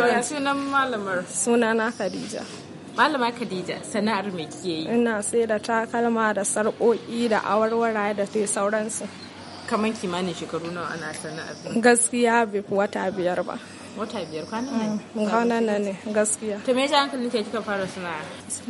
ya sunan malamar na khadija malama khadija sana'ar me kike yi ina sai da takalma da sarƙoƙi da awarwara da dai sauransu kamar kimanin shekaru nawa ana sana'ar gaskiya bai fi wata biyar ba wata biyar kwanan ne mm, kwanan nan ne gaskiya to me ya ja ke kika fara sana'a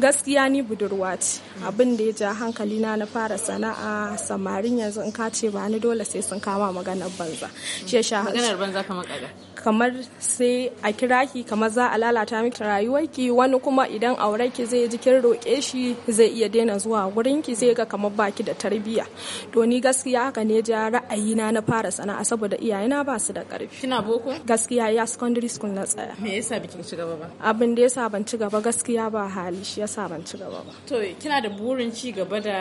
gaskiya ni budurwa ce abin da ya ja hankali na na fara sana'a samarin yanzu in ka ce ba ni dole sai sun kama maganar banza maganar banza kamar kaga kamar sai a kira ki kamar za a lalata miki rayuwarki wani kuma idan aurenki zai ji kin roƙe shi zai iya daina zuwa gurin ki zai ga kamar baki da tarbiyya to ni gaskiya haka ne ja ra'ayina na fara sana'a saboda iyayena ba su da ƙarfi kina boko gaskiya ya secondary school na tsaya me yasa biki ci gaba ba abin da yasa ban ci gaba gaskiya ba hali shi yasa ban ci gaba ba to kina da burin ci gaba da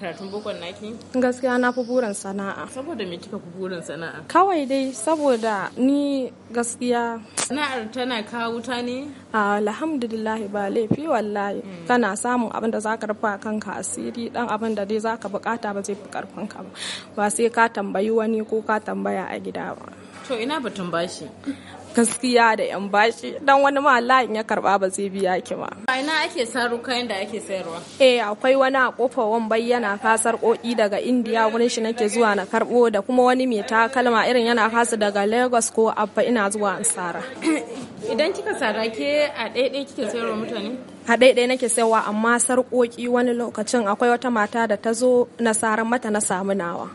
karatun bokon naki gaskiya na fi burin sana'a saboda me kika fi burin sana'a kawai dai saboda ni gaskiya sana'ar tana kawo wuta ne alhamdulillah ba laifi wallahi hmm. kana samun abin da zaka rufa kanka asiri dan abin da dai zaka bukata ba zai fi karfin ka ba sai ka tambayi wani ko ka tambaya a gida ba to ina batun bashi gaskiya da yan bashi dan wani ma in ya karba ba zai biya ki ba a ina ake saro kayan da ake sayarwa eh akwai wani a kofar wambai yana fasar koki daga indiya gurin shi nake zuwa na karbo da kuma wani mai takalma irin yana fasa daga lagos ko abba ina zuwa ansara idan kika sara ke a ɗaiɗai kike sayarwa mutane a ɗaiɗai nake sayarwa amma sarƙoƙi wani lokacin akwai wata mata da ta zo na saran mata na samu nawa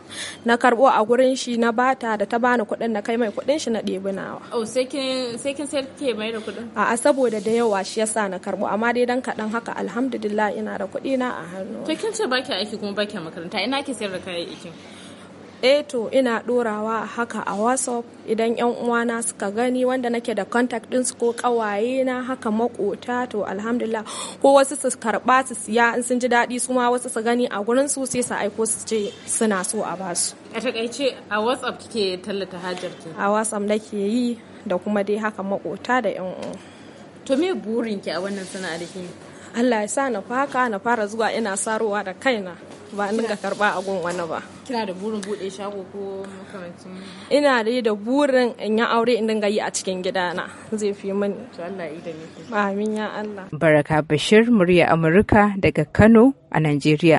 na karɓo a gurin shi na bata da ta bani kuɗin na kai mai kuɗin shi na ɗebi nawa. Oh, sai sai kin sayar ke mai da kuɗin a'a saboda da yawa shi yasa na karbo amma dai dan kaɗan haka alhamdulillah ina da kuɗi na a hannu to kin ce baki aiki kuma baki makaranta ina ke sayar da kayayyakin eh to ina ɗorawa haka a whatsapp idan yan uwana suka gani wanda nake da contact ɗinsu ko kawaye na haka makota to alhamdulillah ko wasu su karɓa su siya in sun ji daɗi su ma wasu su gani a gurin su sai su aiko su ce suna so a basu a takaice a whatsapp kike tallata hajar ki a whatsapp nake yi da kuma dai haka makota da yan uwa to me burin ki a wannan sana'a da Allah ya sa na faka na fara zuwa ina sarowa da kaina ba an dinga karba a gun wani ba kina da burin bude shago ko makamancin ina dai da burin in yi aure in dinga yi a cikin gidana zai fi min to Allah ya amin ya Allah baraka bashir murya amurka daga Kano a Najeriya